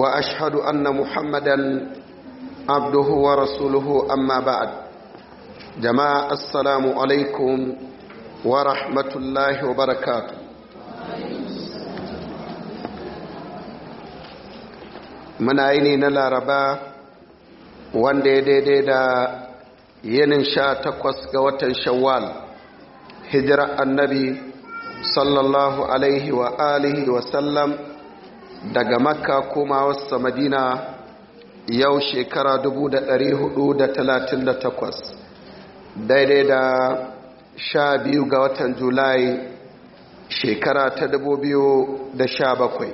واشهد ان محمدا عبده ورسوله اما بعد جماعه السلام عليكم ورحمه الله وبركاته yi aini na laraba wanda ya daidai da yinin sha takwas ga watan shawwal hijirar annabi sallallahu alaihi wa alihi wa sallam daga makka koma wasu madina yau shekara 438 daidai da 12 ga watan julai shekara ta 2017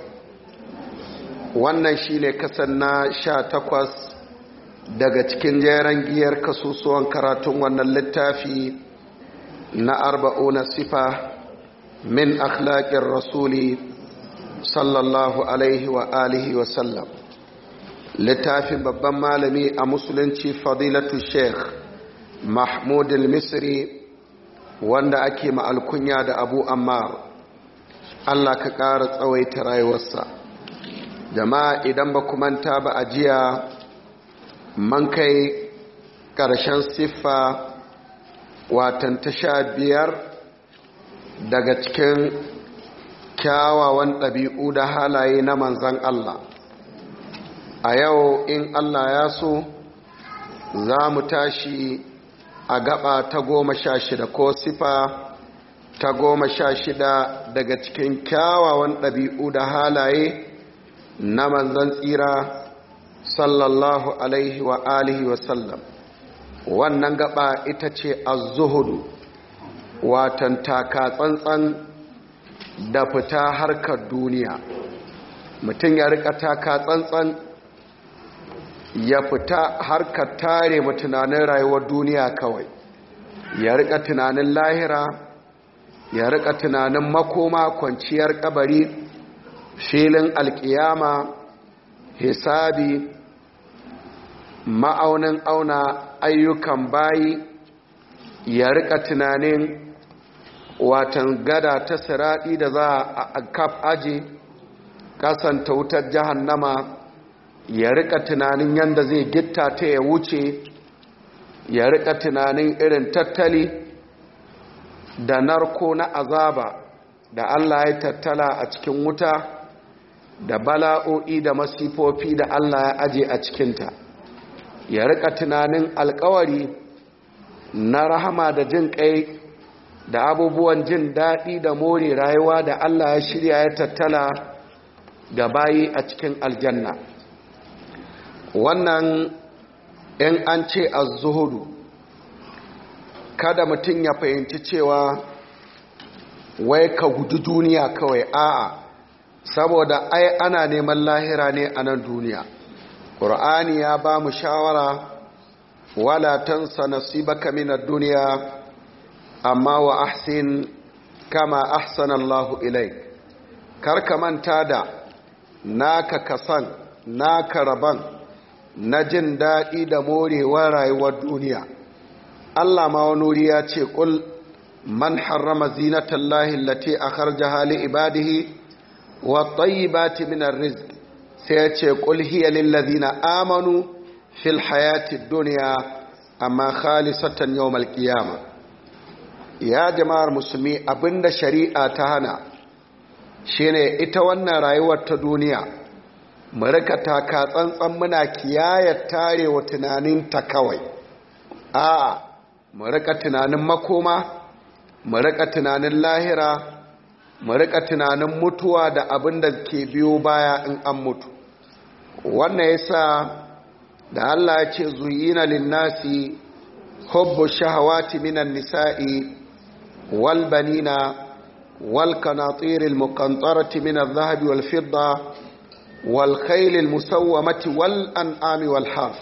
wannan shine kasan na 18 daga cikin jeren giyar kasusuwan karatun wannan littafi na na sifa min akhlaƙin rasuli sallallahu alaihi wa alihi wa sallam littafin babban malami a musulunci fadilatu sheikh mahmud al-misri wanda ake ma'alkunya da abu ammar allah ka ƙara tsawaita rayuwarsa jama'a idan ba manta ba a jiya man kai ƙarshen siffa watan ta sha biyar daga cikin kyawawan ɗabi'u da halaye na manzan Allah a yau in Allah ya so za mu tashi a gaba ta goma sha shida ko sifa ta goma sha shida daga cikin kyawawan ɗabi'u da halaye na manzan tsira sallallahu alaihi wa alihi wasallam wannan gaba ita ce Azuhudu, watan taka tsantsan da fita harkar duniya mutum ya rika taka tsantsan ya fita harkar tare mu tunanin rayuwar duniya kawai ya rika tunanin lahira ya rika tunanin makoma kwanciyar kabari filin alkiyama hisabi ma'aunin auna ayyukan bayi ya rika tunanin watan gada ta siraɗi da za a kaf aji kasanta wutar jahannama ya rika tunanin yadda zai gitta ta ya wuce ya rika tunanin irin tattali da narko na azaba da Allah ya tattala a cikin wuta da bala'o'i da masifofi da Allah ya aje a cikinta ya rika tunanin alkawari na rahama da jin kai da abubuwan jin daɗi da more rayuwa da Allah ya shirya ya tattala ga bayi a cikin aljanna wannan in an ce a zuhudu kada mutum ya fahimci cewa wai ka guji duniya kawai a'a saboda ai ana neman lahira ne a nan duniya Kur'ani ya ba mu shawara wala tansa nasibaka mina duniya amma wa ahsin kama ahsanallahu ilai, kar ka manta da naka kasan naka raban na jin daɗi da morewar rayuwar duniya Allah ma wani ya ce ƙul man harrama zinatan lahin lati a harja hali ibadihi wa tayyibati min arrizq sai ya ce ƙul hiya lillazina amanu fil hayati duniya amma khalisatan yawmal qiyamah ya jama'ar musulmi abinda shari'a ta hana shine ita wannan rayuwar ta duniya mu rika taka tsantsan muna kiyaye tarewa tunanin ta kawai a mu rika tunanin makoma mu tunanin lahira mu rika tunanin mutuwa da abinda ke biyo baya in an mutu wannan yasa da Allah ya ce zuyina linnasi hubbu shahawati minan nisa'i والبنين والقناطير المقنطرة من الذهب والفضة والخيل المسومة والأنعام والحرف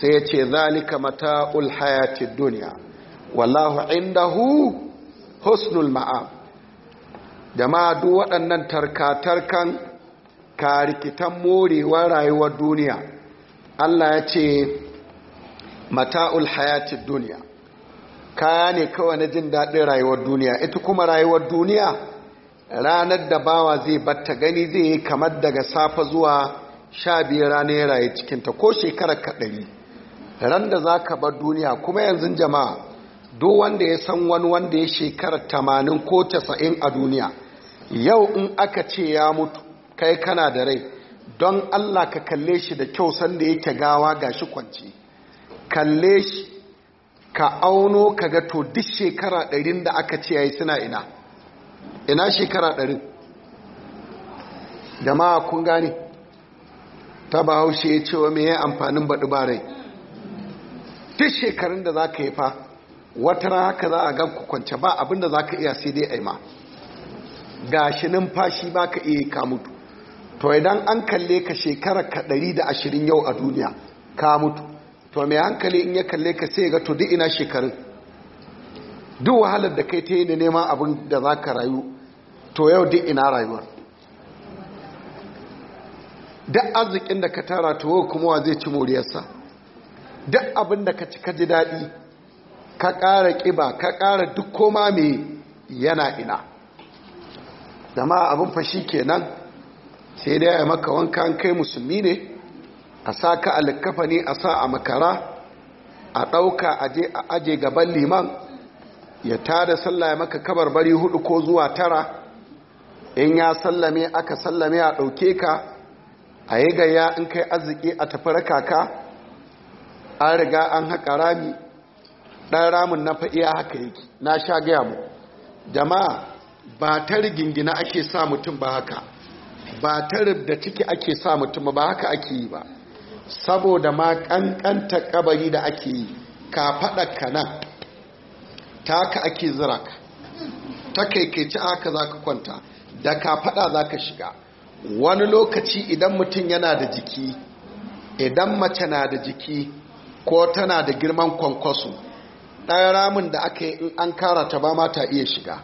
سيتي ذلك متاع الحياة الدنيا والله عنده حسن المعام jama'a duk waɗannan tarka-tarkan karikitan morewar rayuwar duniya Allah ya ce mata'ul hayatid duniya kaya ne kawai na jin daɗin rayuwar duniya ita kuma rayuwar duniya ranar da bawa zai batta gani zai yi kamar daga safa zuwa sha biyar ranar raye cikinta ko shekarar kaɗari ran da za ka bar duniya kuma yanzu jama'a duk wanda ya san wani wanda ya shekarar tamanin ko casa'in a duniya yau in aka ce ya mutu kai kana da rai don allah ka kalle shi da kyau sanda yake gawa gashi kwanci kalle shi ka auno ka ga to duk shekara ɗarin da aka ce yayi suna ina ina shekara ɗarin jama'a kun gane ta haushe ya ce wa me ya amfanin baɗi rai duk shekarun da za ka yi fa wata rana haka za a ga ku kwance ba abinda za ka iya sai dai aima ga shi numfashi ba ka iya ka mutu to idan an kalle ka shekara ka ɗari da ashirin yau a duniya ka mutu to mai hankali in ya kalle ka sai ga to duk ina shekarun duk wahalar da kai ta yi da neman abin da za ka rayu to yau duk ina rayuwar duk arzikin da ka tara to kuma wa zai ci moriyarsa duk abin da ka ci ka ji daɗi ka ƙara ƙiba ka ƙara duk koma mai yana ina dama abin fashi kenan sai dai ya maka wanka kai musulmi ne a sa ka alkafa ne a sa a makara a ɗauka a aje gaban liman ya tada sallah ya maka kabar bari hudu ko zuwa tara in ya sallame aka sallame a ɗauke ka a yi gaya in kai arziki a tafi ka, an riga an haƙa rami ɗan ramin na fa'iya haka yake na sha gaya mu jama'a ba ta rigingina ake sa mutum ba haka ba ta da ciki ake sa mutum ba haka ake yi ba saboda ma ƙanƙanta ƙabari da ake yi ka faɗa ka ta ka ake zira ka ta kaikaici aka za ka kwanta da ka faɗa za ka shiga wani lokaci idan mutum yana da jiki idan mace na da jiki ko tana da girman kwankwaso ɗaya ramin da aka yi in an kara ta ba mata iya shiga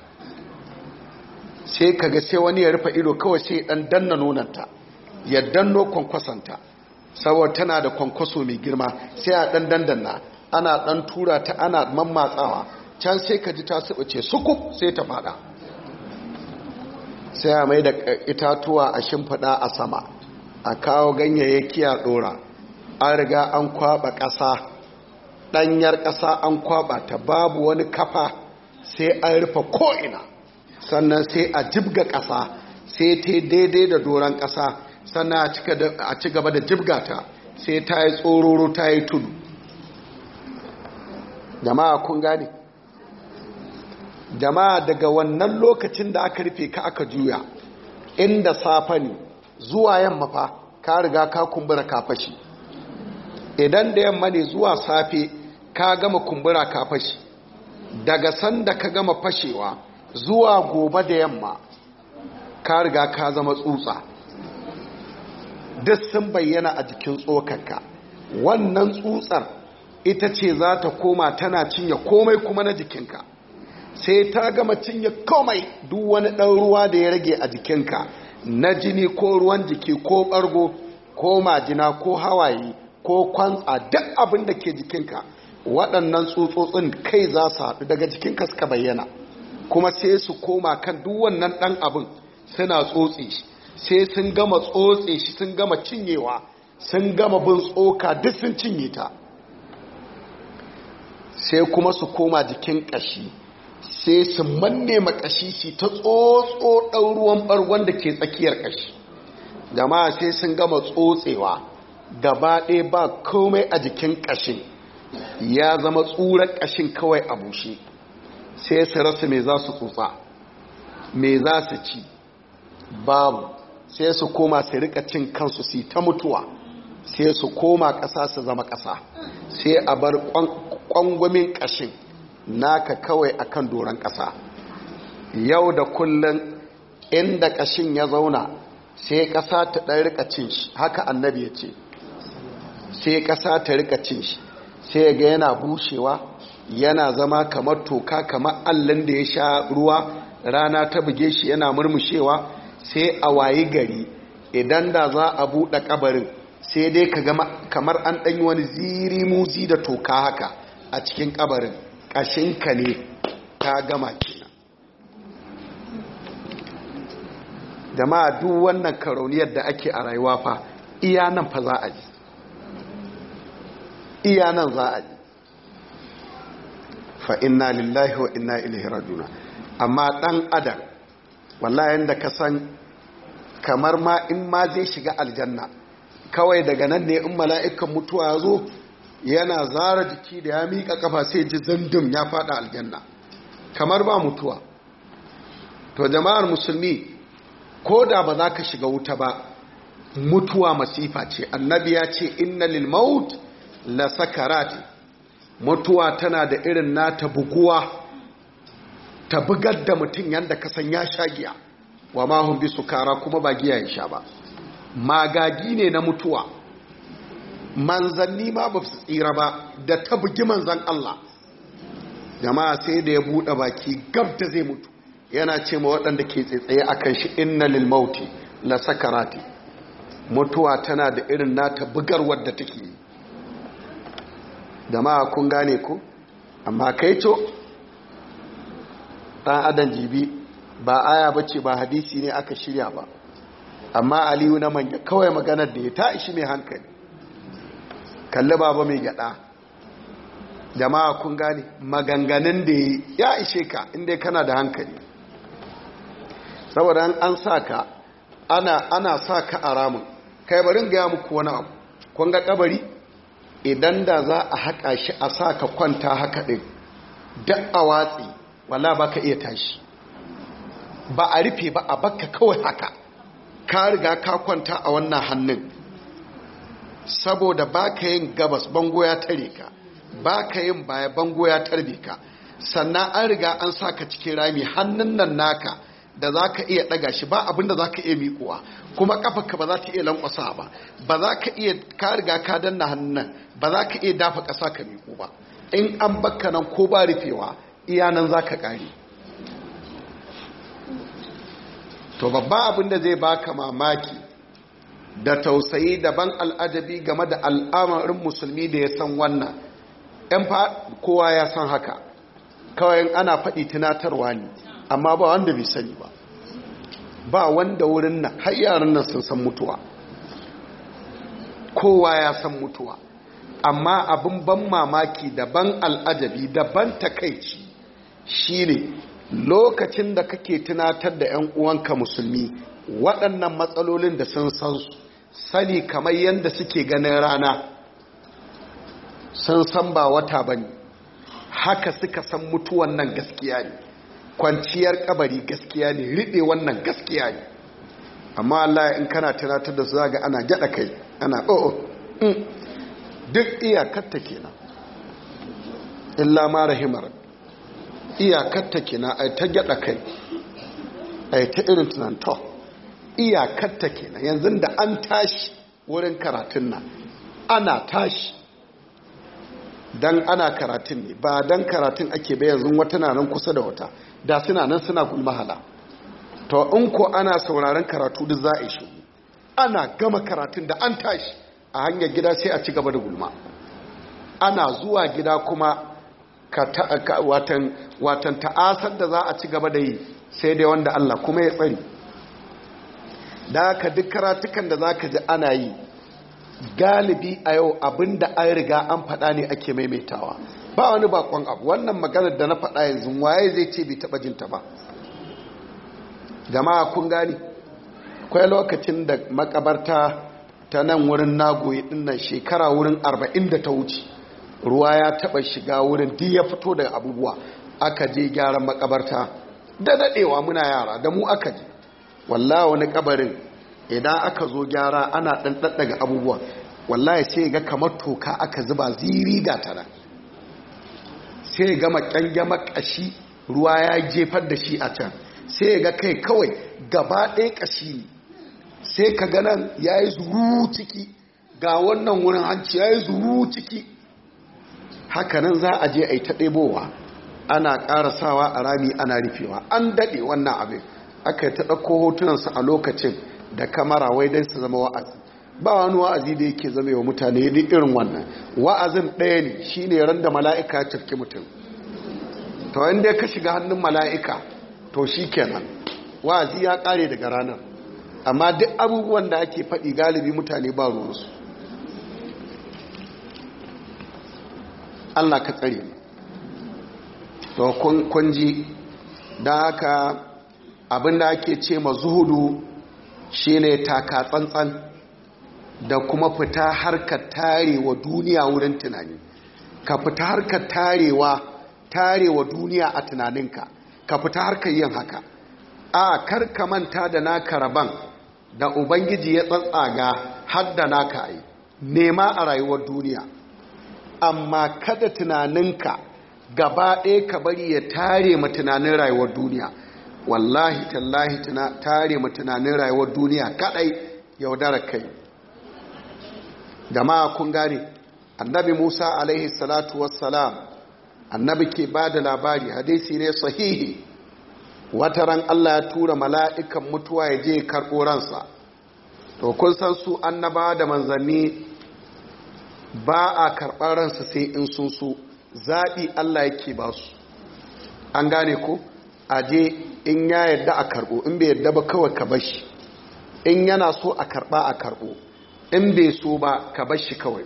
sai kaga sai wani ya rufe ido kawai sai ɗan danna nonanta ya danno kwankwasanta saboda tana da kwankwaso mai girma sai a ɗan dandanna ana ɗan tura ta ana mammatsawa can sai ka ji ta ce suku sai ta fada sai a mai da itatuwa a shimfiɗa a sama a kawo ganyayyaki a ɗora an riga an kwaɓa ƙasa ɗanyar ƙasa an kwaɓa ta babu wani kafa sai an rufe ko'ina sannan sai a jibga ƙasa sai ta daidai da doron ƙasa sannan a ci gaba da jibgata sai ta yi tsororo ta yi tudu jama'a kun gane jama'a daga wannan lokacin da aka rufe ka aka juya inda safa ne zuwa yamma fa ka riga ka kumbura ka fashi idan da yamma ne zuwa safe ka gama kumbura ka kafashi daga sanda ka gama fashewa zuwa gobe da yamma ka riga ka zama tsutsa duk sun bayyana a jikin tsokanka wannan tsutsar ita ce za ta koma tana cinye komai kuma na jikinka sai ta gama cinye komai duk wani ɗan ruwa da ya rage a jikinka na jini ko ruwan jiki ko ɓargo ko majina ko hawaye ko kwantsa duk abin da ke jikinka waɗannan tsutsotsin kai za su haɗu daga jikinka suka bayyana kuma sai su koma kan duk wannan ɗan abin suna tsotsi shi sai sun gama tsotse shi sun gama cinyewa sun gama bin tsoka duk sun cinye ta sai kuma su koma jikin ƙashi sai su manne makashi shi ta tsotso ɗan ruwan ɓargon da ke tsakiyar ƙashi jama'a sai sun gama tsotsewa gaba ɗaya ba komai a jikin ƙashin ya zama tsurar ƙashi kawai a bushe sai su rasa mai za su tsotsa mai za su ci babu sai su koma su rika cin kansu su ta mutuwa sai su koma ƙasa su zama ƙasa sai a bar ƙwangwamin ƙashin naka kawai akan doron ƙasa yau da kullum inda ƙashin ya zauna sai ƙasa ta ɗan rika cin shi haka annabi ya ce sai ƙasa ta rika cin shi sai ga yana bushewa yana zama kamar toka kamar allin da ya sha ruwa rana ta buge shi yana murmushewa sai a wayi gari idan da za a buɗe kabarin sai dai kamar an ɗanyi wani ziri muzi da toka haka a cikin kabarin ƙashinka ne ta gama kina jama'a duk wannan karauniyar da ake a rayuwa fa iya nan fa za a ji iya nan za a ji fa inna lillahi wa’in na juna. amma ɗan adam wallahi da ka san kamar ma in ma zai shiga aljanna kawai daga nan ne in mala'ikan mutuwa ya zo yana zara jiki da ya miƙa ƙafa sai ji zandum ya fada aljanna kamar ba mutuwa to jama'ar musulmi ko da ba za ka shiga wuta ba mutuwa masifa ce annabi ya ce inna lil maut la sakarat mutuwa tana da irin nata buguwa ta bugar da mutum yadda kasan ya sha giya wa mahun bi kara kuma ba giya ya sha ba magagi ne na mutuwa manzanni ma ba su tsira ba da ta bugi manzan Allah jama'a sai da ya buɗe baki gab da zai mutu yana ce ma waɗanda ke tsaye a kan shi inna lil mauti la sakarati mutuwa tana da irin nata bugarwar da take yi jama'a kun gane ku amma kai to ɗan adan jibi ba aya ba ce ba hadisi ne aka shirya ba amma aliyu na manya kawai maganar da ya ta ishi mai hankali kalli baba mai gyada jama'a kun gane maganganun da ya ishe ka inda kana da hankali saboda an sa ka ana, ana sa ka a ramin kai barin gaya muku wani abu kun ga kabari idan da za a haƙa shi a sa ka kwanta haka ɗin duk a watsi wala ba ka iya tashi ba a rufe ba a bakka kawai haka ka riga ka kwanta a wannan hannun saboda ba ka yin gabas bango ya tare ka ba ka yin baya bango ya tarbe ka sannan an riga an sa ka cikin rami hannun nan naka da za ka iya ɗaga shi ba abin da za ka iya miƙuwa kuma ƙafarka ba za ta iya lankwasa ba ba za ka iya ka riga ka danna hannun ba za ka iya dafa ƙasa ka miƙo ba in an bakka nan ko ba rufewa Iya nan za ka ƙari to babba abin da zai baka mamaki da tausayi daban al'ajabi game da al'amarin musulmi da ya san wannan fa kowa ya san haka kawai ana faɗi tunatarwa ne amma ba wanda bai sani ba ba wanda wurin nan har yaran nan sun san mutuwa kowa ya san mutuwa amma abin ban mamaki daban al'ajabi daban takaici Shi ne lokacin da kake tunatar da 'yan uwanka musulmi waɗannan matsalolin da sun san sani kamar yadda suke ganin rana sun san ba wata ba ne haka suka san mutuwan nan gaskiya ne kwanciyar kabari gaskiya ne riɓe wannan gaskiya ne amma Allah in kana tunatar da su zaga ana gyada kai ana o'o oh, oh, mm. duk ta kenan illa ma rahimar iyakarta kenan ai ta gyada kai ai ta irin tunanta iyakarta na. yanzu da an tashi wurin karatun nan ana tashi dan ana karatun ne ba dan karatun ake ba yanzu wata na nan kusa da wata da suna nan suna gulmahala to in ko ana sauraron karatu duk za a shi ana gama karatun da an tashi a hanyar gida sai a ci gaba da gulma ana zuwa gida kuma watan ta'asar da za a ci gaba da yi sai dai wanda Allah kuma ya tsari da ka duk karatukan da za ka ji ana yi galibi a yau abin da an riga an faɗa ne ake maimaitawa ba wani bakon abu wannan maganar da na faɗa yanzu waye zai ce bai taɓa jinta ba jama'a kun gani kwai lokacin da makabarta ta nan wurin nagoyi dinnan shekara wurin arba'in da ta wuce ruwa ya taba shiga wurin duk ya fito daga abubuwa aka je gyaran makabarta da dadewa muna yara da mu aka je wallahi wani kabarin idan aka zo gyara ana dan daddaga abubuwa wallahi sai ga kamar toka aka zuba ziri ga tana sai ga makyange makashi ruwa ya jefar da shi a can sai ga kai kawai gaba ɗaya kashi ne sai ka ganan ya yi zuru ciki ga wannan wurin hanci yayi zuru ciki hakanan za a je a yi ta ɗebowa ana ƙarasawa a rami ana rufewa an daɗe wannan abin aka yi ta ɗauko hotunansu a lokacin da kamara wai dai su zama wa'azi ba wani wa'azi da yake zama yawa mutane da irin wannan wa'azin ɗaya ne shi ne ran da mala'ika ya tafki mutum to inda ka shiga hannun mala'ika to shi kenan wa'azi ya ƙare daga ranar amma duk abubuwan da ake faɗi galibi mutane ba ruwansu Allah ka tsare to kun ji daka haka abinda ake ce ma zuhudu shine taka tsantsan da kuma fita harkar tarewa duniya wurin tunani ka fita harkar tarewa tarewa duniya a tunaninka ka fita harkar yin haka a kar ka manta da naka rabon da ubangiji ya tsatsaga har da naka yi nema a rayuwar duniya amma kada tunaninka gaba ɗaya ka bari ya tare ma tunanin rayuwar duniya wallahi tallahi tare ma tunanin rayuwar duniya kadai yaudara kai jama'a kun gane annabi musa alaihi salatu wassalam annabi ke ba da labari hadisi ne sahihi wata ran allah ya tura mala'ikan mutuwa ya je karɓo ransa to kun san su annaba da manzanni ba a karɓar ransa sai in sun so zaɓi Allah yake ba su an gane ko a je in ya yadda a karɓo in bai yadda ba kawai ka bashi in yana so a karɓa a karɓo in bai so ba ka bashi kawai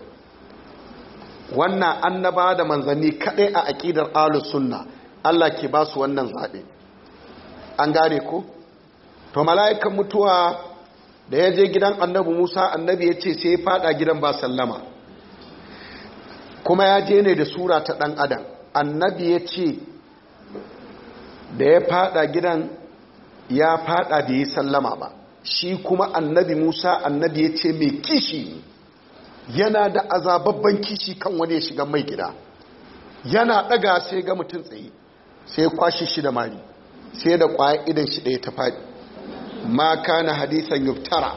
wannan annaba da manzanni kaɗai a aƙidar alu sunna Allah ke ba su wannan zaɓe an gane ko to mala'ikan mutuwa da ya je gidan annabi musa annabi ya ce sai ya faɗa gidan ba sallama kuma ya je ne da sura ta ɗan adam annabi ya ce da ya fada gidan ya fada da ya sallama ba shi kuma annabi musa annabi ya ce mai kishi yana da azababban kishi kan wani ya shiga mai gida yana ɗaga sai ga mutum tsaye sai kwashe shi da mari sai da kwaya idan shi ɗaya ta faɗi ma kana hadisan yuftara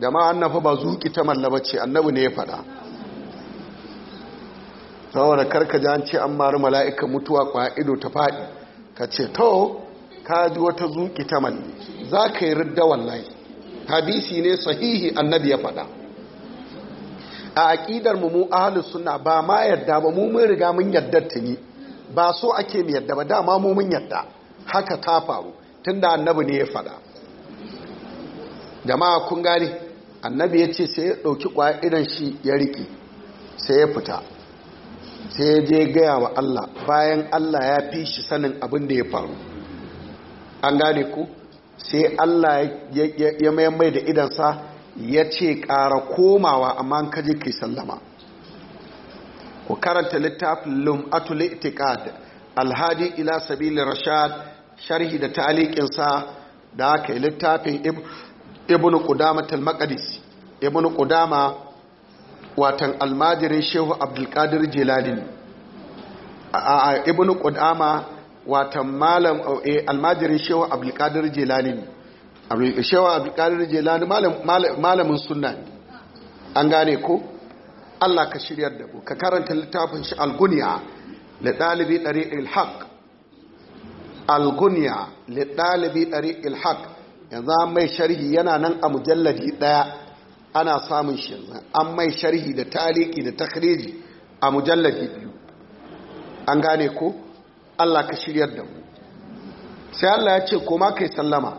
da ma fa ba zuki ta mallaba ce annabi ne ya faɗa wane karka ji an ce an mara mala'ika mutuwa kwaya ido ta faɗi ka ce to ka ji wata zuƙi ta manne za ka yi rida wallahi hadisi ne sahihi annabi ya faɗa a aƙidar mu mu suna sunna ba ma yadda ba mu mun riga mun yadda tuni ba so ake mu yadda ba dama mu mun yadda haka ta faru tunda annabi ne ya faɗa jama'a kun gane annabi ya ce sai ya ɗauki ƙwaya shi ya riƙe sai ya fita sai ya je gaya wa Allah bayan Allah ya fi shi sanin abin da ya faru an gane ku sai Allah ya mayammai da idansa ya ce ƙara komawa amma an kaji kai sallama ku karanta littafin lum'atul itiqad alhadi ila sabili rashad sharhi da taliqinsa da aka yi littafin ibn qudamah al-maqdisi ibn Kudama. watan almajirin shehu abdulkadir jelani a ibn Kudama watan malam oh, eh, almajirin shehu abdulkadir jelani shehu abdulkadir jelani malamin suna an gane ko Allah ka shirya da ku. ka karanta littafin shi algunya da ɗalibi ɗari'il haq algunya da ɗalibi ɗari'il haq yanzu mai sharhi yana nan a mujalladi ɗaya ana samun shi yanzu an mai sharhi da taliki da takhriji a mujallafi biyu an gane ko Allah ka shiryar da mu sai Allah ya ce koma kai sallama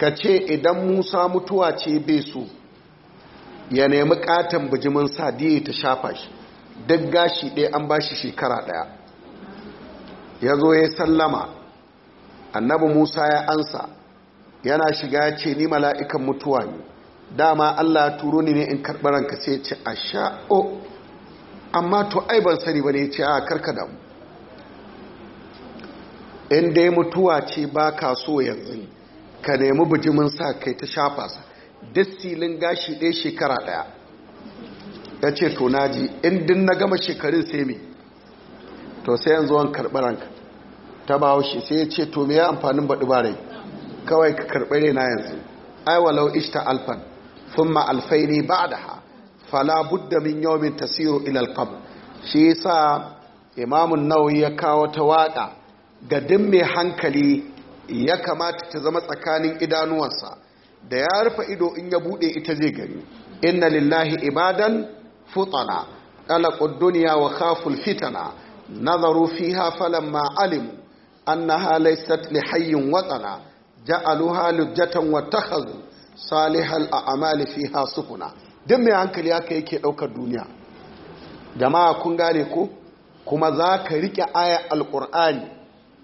ka ce idan Musa mutuwa ce bai so ya nemi katon bijimin sadiya ta shafa shi duk gashi ɗaya an ba shi shekara ɗaya ya zo ya sallama annabi Musa ya ansa yana shiga ya ce ni mala'ikan mutuwa ne dama Allah turo ni ne in karɓar ranka sai ce a sha'o amma to ai ban sani ba ne ce a karka damu in dai mutuwa ce ba ka so yanzu ka nemi bijimin sa kai ta shafa sa silin gashi ɗaya shekara ɗaya ya ce to naji in din na gama shekarun sai mai to sai yanzu an karɓi ranka ta ba haushe sai ya ce to me ya amfanin baɗi ba rai kawai ka karɓi rai na yanzu ai walau ishta alfan thumma alfaini ba'daha fala budda min yawmin tasiru ila alqabr shi yasa imamun nawawi ya kawo ta waɗa. ga mai hankali ya kamata ta zama tsakanin idanuwansa da ya rufe ido in ya buɗe ita zai gani inna lillahi ibadan futana qalaqud dunya wa khaful fitana nazaru fiha ma'alimu alim annaha laysat li hayyin watsana. Ja'alu lujjatan wa salihal a'mali fiha sukuna duk mai hankali haka yake daukar duniya jama'a kun gane ko kuma za ka rike aya alƙur'ani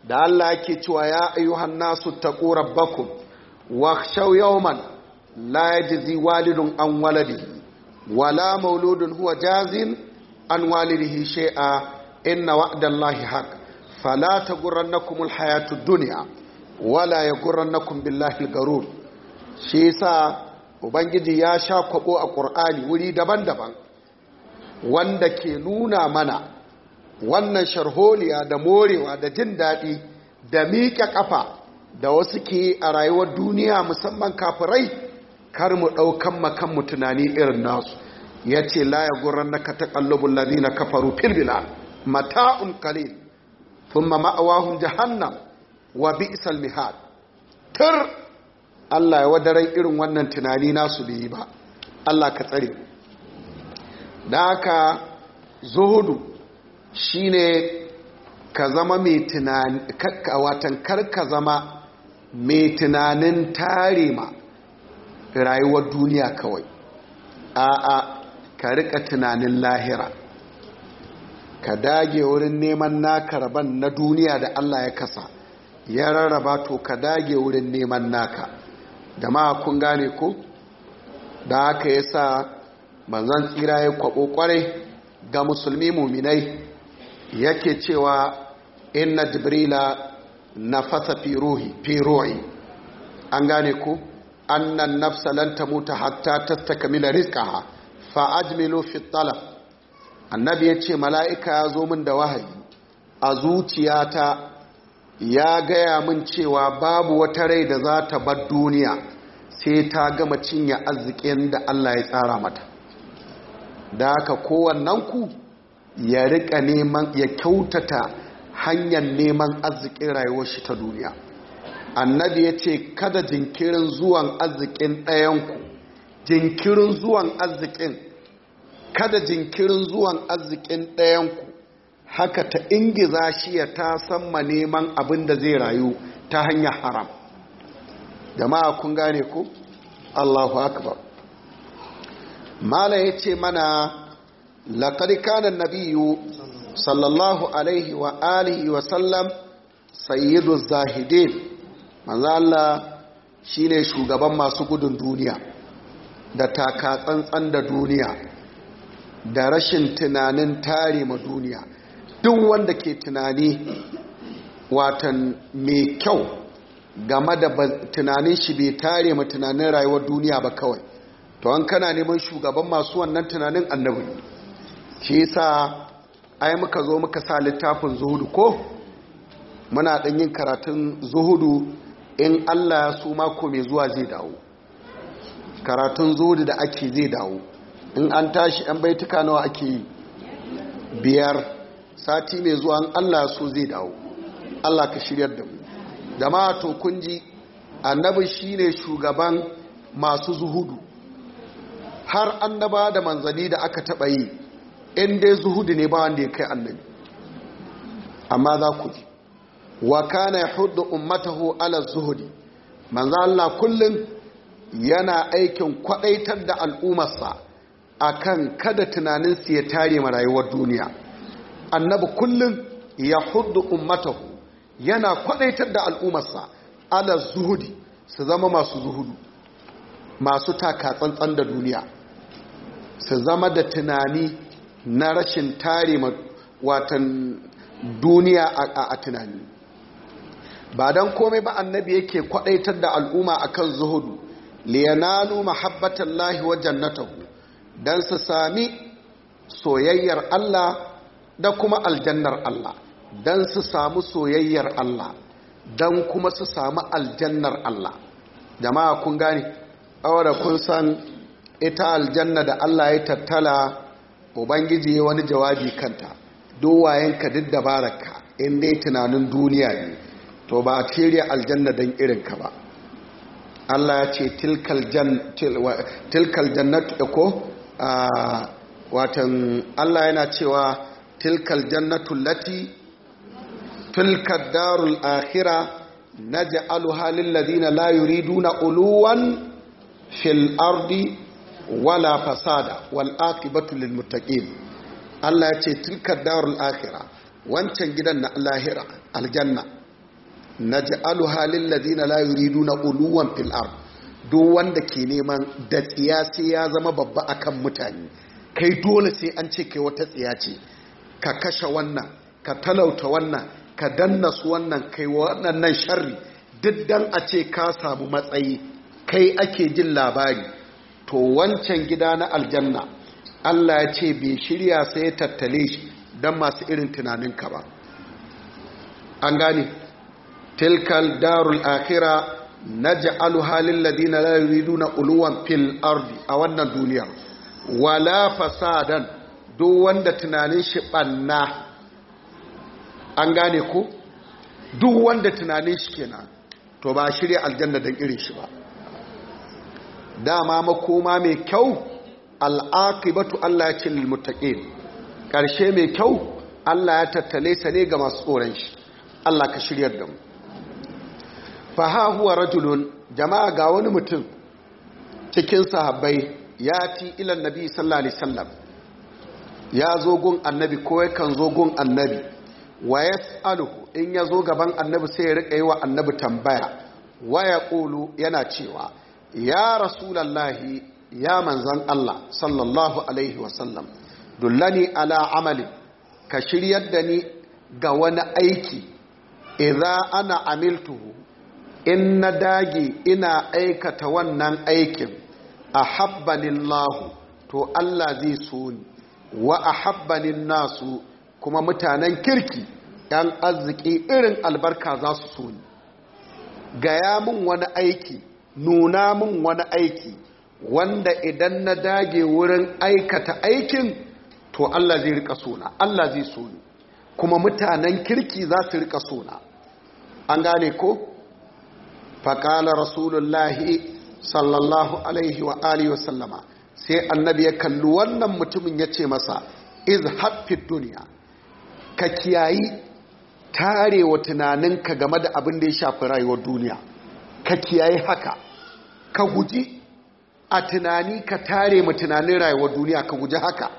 da Allah yake cewa ya ayyuhan nasu bakun. rabbakum yau yawman la zi walidun an walade. wala mauludun huwa jazin an walidihi shai'a inna wa'dallahi haqq fala taghurrannakum alhayatud duniya wala yaghurrannakum billahi garuru. shi sa ubangiji ya sha kwabo a ƙur'ani wuri daban-daban wanda ke nuna mana wannan sharholiya da morewa da jin daɗi da miƙe ƙafa da wasu ke a rayuwar duniya musamman kafirai kar mu ɗaukan makanmu tunani irin nasu ya ce laye gurar na ka taƙallubun na kafaru filbila mata'un kalil sun ma'awahun jahannam wa bi isal mihad tur Allah ya wadaran irin wannan tunani nasu bai yi ba Allah ka tsare da aka zuhudu shine ka zama mai tunani watan kar ka zama mai tunanin tare ma rayuwar duniya kawai a'a ka rika tunanin lahira ka dage wurin neman naka rabon na duniya da Allah ya kasa ya rarraba to ka dage wurin neman naka da kun gane ko da haka ya sa manzan tsira ya kwabo kwarai ga musulmi muminai yake cewa inna jibrila na fasa firohi firohi an gane ko annan nafsa lan mutu hatta tattakmila rizqaha fa ajmilu fi talab annabi ce malaika ya zo min da wahayi a zuciyata ya gaya min cewa babu wata rai da za ta bar duniya sai ta gama cinye arzikin da Allah ya tsara mata da haka ku? ya rika neman ya kyautata hanyar neman arzikin rayuwar shi ta duniya annabi ya ce kada jinkirin zuwan arzikin ɗayanku jinkirin zuwan arzikin kada jinkirin zuwan arzikin ɗayanku haka ta ingiza shi ya ta samma neman abin da zai rayu ta hanyar haram jama'a kun gane ku allahu akbar ya ce mana laƙar Nabiyyu nabiyu sallallahu alaihi wa alihi wa sallam sayyidu zahidin manzala shi ne shugaban masu gudun duniya da taka tsantsan da duniya da rashin tunanin tare ma duniya duk wanda ke tunani watan mai kyau game da tunanin shi bai tare ma tunanin rayuwar duniya ba kawai to an kana neman shugaban masu wannan tunanin annabi shi yasa ai muka zo muka sa littafin zuhudu ko muna dan yin karatun zuhudu in Allah su mako mai zuwa zai dawo karatun zuhudu da ake zai dawo in an tashi yan baituka nawa ake yi biyar sati mai zuwa Allah su zai dawo Allah ka shiryar da mu jama'a to kun ji annabi shine shugaban masu zuhudu har annaba da manzani da aka taɓa yi in dai zuhudu ne ba wanda ya kai annabi amma za ku ji wa kana yahuddu ummatahu ala zuhudi manzo Allah kullum yana aikin kwadaitar da al'ummarsa kan kada tunaninsu ya tare marayuwar duniya annabi kullum ya yahuddu ummatahu yana kwadaitar da al'umarsa, ala zuhudi su zama masu zuhudu masu taka tsantsan da duniya su zama da tunani na rashin tare watan duniya a tunani ba don komai ba annabi yake kwadaitar da al'umma akan zuhudu liyananu mahabbatan lahi wa jannatahu don su sami soyayyar Allah da kuma aljannar Allah don su samu soyayyar Allah don kuma su samu aljannar Allah jama'a kun gane awara kun san ita aljanna da Allah ya tattala ubangiji ya wani jawabi kanta dowayenka duk dabararka in dai tunanin duniya ne to ba a shirya aljanna don irinka ba Allah ya ce tilkal eh, ah, watan Allah yana cewa tilkal jannatu lati Tulkar darul akhira ji al'uhalin ladina la yuriduna uluwan fil ardi wala fasada wal akibatu lil Allah ya ce tilkar darul akhira wancan gidan na lahira aljanna na ji halin ladina la na uluwan fil ardi duk wanda ke neman da tsiya sai ya zama babba a kan mutane kai dole sai an ce kai wata tsiya ce ka kashe wannan ka talauta wannan ka danna su wannan kai waɗannan sharri duk dan a ce ka samu matsayi kai ake jin labari to wancan gida na aljanna Allah ya ce bai shirya sai ya tattale shi don masu irin tunaninka ba an gane tilkal darul na Ja'alu halil ladina la nuna uluwan fil ardi a wannan duniya wala fasadan duk wanda tunanin shi ɓanna. an gane ko duk wanda tunanin shi kenan to ba shirya aljanna don irin shi ba dama makoma mai kyau al'aqibatu Allah ya ce lil ƙarshe mai kyau Allah ya tattale sa ne ga masu tsoron shi Allah ka shiryar da mu fa huwa rajulun jama'a ga wani mutum cikin sahabbai ya ti ilan nabi sallallahu alaihi wasallam ya zo gun annabi ko kan zo gun annabi wa al'uhu in zo gaban annabi sai ya rika yi wa annabi tambaya Waya ƙulu yana cewa ya rasulullahi ya manzon Allah sallallahu alaihi wasallam dullani ala amali ka shiryar da ni ga wani aiki idza ana amiltuhu in na dage ina aikata wannan aikin a lahu, to Allah zai so ni wa ahabbanin nasu kuma mutanen kirki ‘yan arziki irin albarka za su so ni gaya min wani aiki nuna min wani aiki wanda idan na dage wurin aikata aikin to Allah zai rika sona Allah zai so ni kuma mutanen kirki za su rika sona an gane ko faƙala rasulullahi sallallahu alaihi wa alihi wasallama sai annabi ya kalli wannan mutumin ya ce masa iz haffid duniya ka kiyayi tarewa tunaninka game da abin da ya shafi rayuwar duniya ka kiyayi haka ka guji a tunani ka tare mu tunanin rayuwar duniya ka guji haka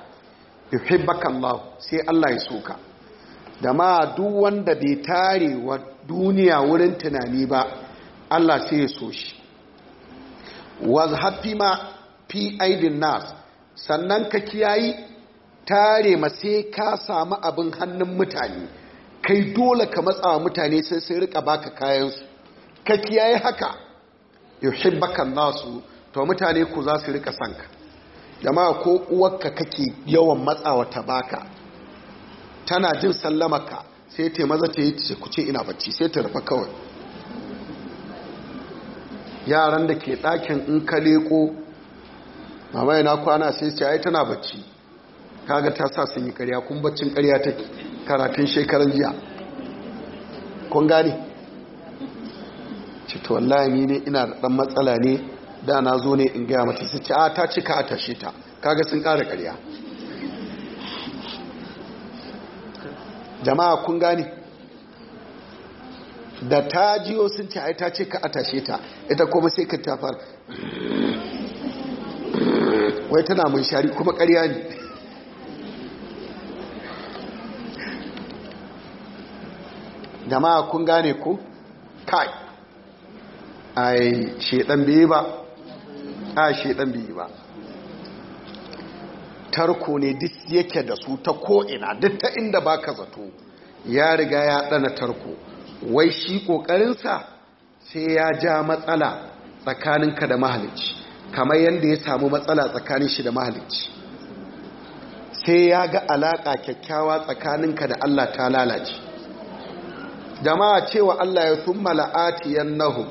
yuhibbaka Allah sai Allah ya soka da ma duk wanda bai tare wa duniya wurin tunani ba Allah sai ya so shi wazhafi ma fi aidin nas sannan ka kiyayi tare ma sai ka samu abin hannun mutane kai dole ka matsa mutane sai sai rika baka kayansu ka kiyaye haka yuhibbakan nasu to mutane ku za su rika sanka ma ko uwarka kake yawan matsawa ta baka tana jin sallamaka sai ta maza ta yi ce kuce ina bacci sai ta rufa kawai yaran da ke ɗakin in ka leko mama na kwana sai ce ai tana bacci kaga ta sa sun yi karya kun baccin karya ta karatun shekarar jiya kun gane cito wallahi ne ina da dan matsala ne da na zo ne in gaya mata su ce a ta cika a tashe ta kaga sun kara karya jama'a kun gane da ta jiyo sun ce ai ta ce ka a tashe ta ita kuma sai ka tafar wai tana mun shari kuma karya ne jama'a kun gane ku kai ai shedan biyi ba a shedan biyi ba tarko ne duk yake da su ta ko'ina duk ta inda baka zato ya riga ya dana tarko wai shi ƙoƙarinsa sai ya ja matsala tsakaninka da mahalicci kamar yadda ya samu matsala tsakanin shi da mahalicci sai ya ga alaƙa kyakkyawa tsakaninka da Allah ta lalace jama'a cewa Allah ya summa la'atiyan nahu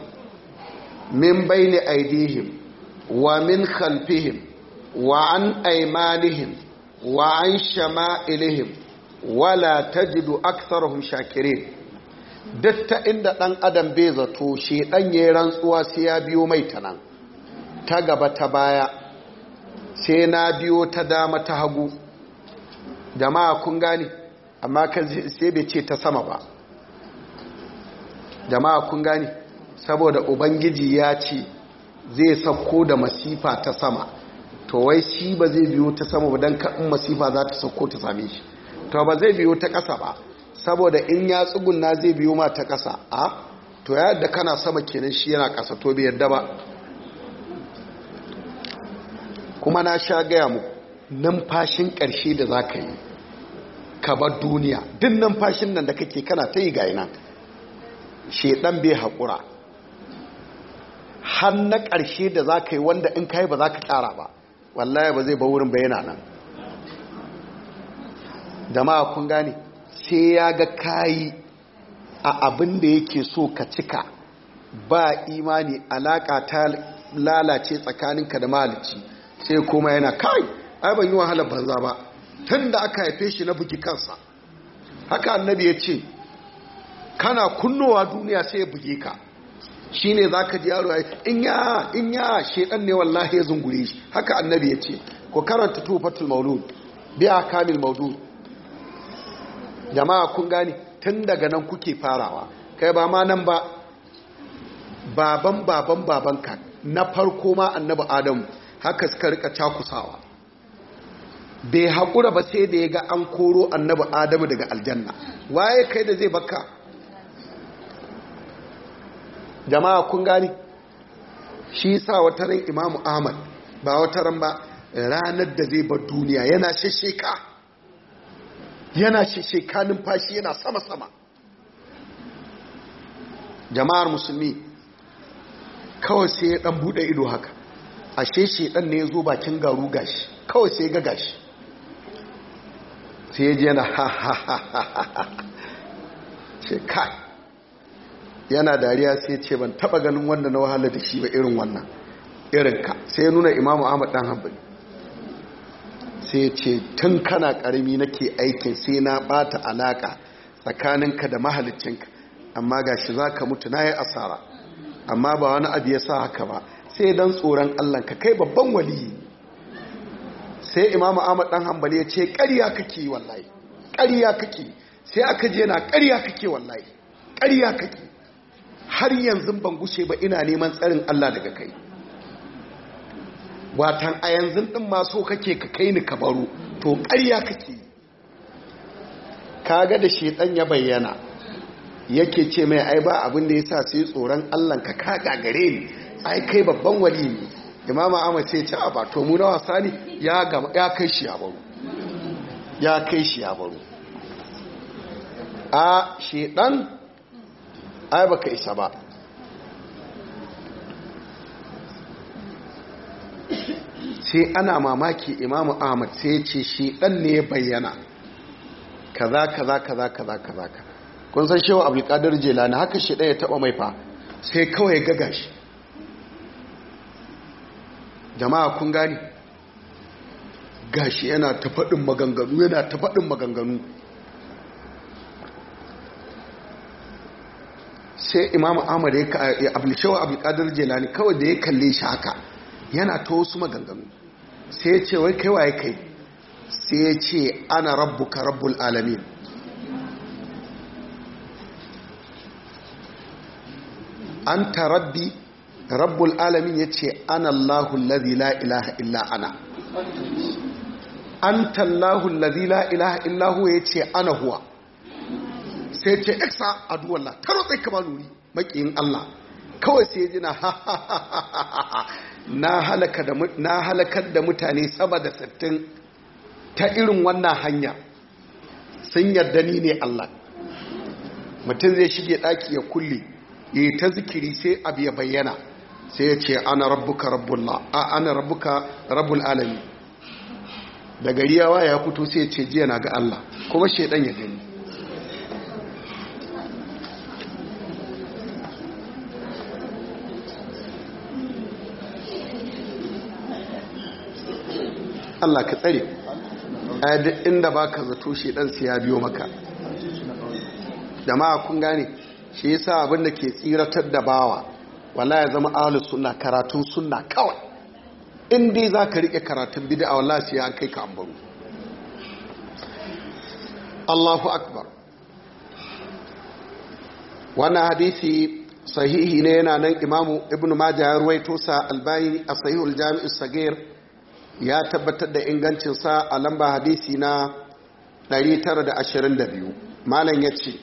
min baini aidihim wa min khalfihim wa an aimanihim wa an shama'ilihim wala tajidu aktharuhum shakirin duk ta inda dan adam bai zato shi dan yayin rantsuwa sai ya biyo mai ta nan ta gaba ta baya sai na biyo ta dama ta hagu jama'a kun gane amma kan sai bai ce ta sama ba jama'a kun gani saboda ubangiji ya ce zai sauko da masifa ta sama to wai shi ba zai biyo ta sama ba don kaɗin masifa za ta sauko ta same shi to ba zai biyo ta ƙasa ba saboda in ya tsugunna zai biyo ma ta ƙasa a to ya yadda kana sama kenan shi yana ƙasa to bai yadda ba kuma na sha gaya mu numfashin ƙarshe da za ka yi ka bar duniya duk numfashin nan da kake kana ta yi ga nan shedan bai haƙura har na ƙarshe da za ka yi wanda in ka yi ba za ka ƙara ba wallaye ba zai ba wurin bayyana nan da ma kun gane sai ya ga kayi a abin da yake so ka cika ba imani alaƙa ta lalace tsakaninka da malici sai kuma yana kai ai ban yi wahalar banza ba tun da aka haife shi na buki kansa haka annabi ya ce kana kunnowa duniya sai ya buge ka Shi shine zaka ji yaro in ya in ya shedan ne wallahi ya zungure shi haka annabi ya ce ko karanta tufatul maulud biya kamil maulud jama'a kun gane tun daga nan kuke farawa kai ba ma nan ba baban baban baban ka na farko ma annabi adamu haka suka rika cakusawa bai haƙura ba sai da ya ga an koro annabi adamu daga aljanna waye kai da zai baka jama'a kun gani shi sa wata ran imamu ahmad ba wata ran ba ranar da zai bar duniya yana shesheka yana shesheka numfashi yana sama-sama jama'ar musulmi kawai sai ya dan bude ido haka a sheshe shedan ne ya zo bakin garu gashi kawai sai ga gashi sai ya ji yana ha ha ha ha ha yana dariya sai ce ban taba ganin wanda na wahala da shi ba irin wannan irinka sai ya nuna imamu ahmad dan hanbali sai ce tun kana karami nake aikin sai na bata alaka tsakaninka da mahalicinka amma gashi zaka mutu na yi asara amma ba wani abu ya sa haka ba sai dan tsoron Allah ka kai babban waliyi sai imamu ahmad dan hanbali ya ce ƙarya kake wallahi ƙarya kake sai aka je na ƙarya kake wallahi ƙarya kake har yanzu ban gushe ba ina neman tsarin Allah daga kai watan a yanzu ɗin maso kake ka kai ni ka baro to ƙarya kake kaga da shedan ya bayyana yake ce mai ai ba abin da yasa sai tsoron Allah ka kaga gare ni ai kai babban wali ne imamu Ahmad sai ce a ba to mu na wasa ne ya kai shi ya baro ya kai shi ya baro a shedan ai baka isa ba sai ana mamaki imamu ahmad sai ce shi dan ne ya bayyana kaza kaza kaza kaza kaza kun san shewa abdulkadir jelani haka shi ya taba mai fa sai kawai gaga shi jama'a kun gani gashi yana ta faɗin maganganu yana ta faɗin maganganu sai imam ahmad ya ablishawa abulkadar jelani kawai da ya kalle shi haka yana ta wasu maganganu sai ya ce wai kai waye kai sai ya ce ana rabbuka rabbul alamin an ta rabbi rabbul alamin ya ce ana allahun lazi la ilaha illa ana an ta allahun lazi la ilaha illa huwa ya ce ana huwa sai ce eksa aduwallah taro tsaye kama nuri makiyin Allah kawai sai ji na na halakar da mutane sama da sittin ta irin wannan hanya sun yarda ni ne Allah mutum zai shige ɗaki ya kulle ya ta zikiri sai abu ya bayyana sai ya ce ana rabbuka rabbullah a ana rabbuka rabbul alami da gariyawa ya waya fito sai ya ce jiya na ga Allah kuma shaidan ya gani Allah ka tsare a duk inda baka zato shi dan siya biyo maka Da jama'a kun gane shi yasa abin da ke tsiratar da bawa wala ya zama ahlus sunna karatun sunna kawai in dai ka rike karatun bid'a a sai an kai ka ambaru Allahu akbar wannan hadisi sahihi ne yana nan imamu ibnu majah ya ruwaito sa albani a sahihul jami'us sagir ya tabbatar da ingancinsa a lamba hadisi na 922 malam ya ce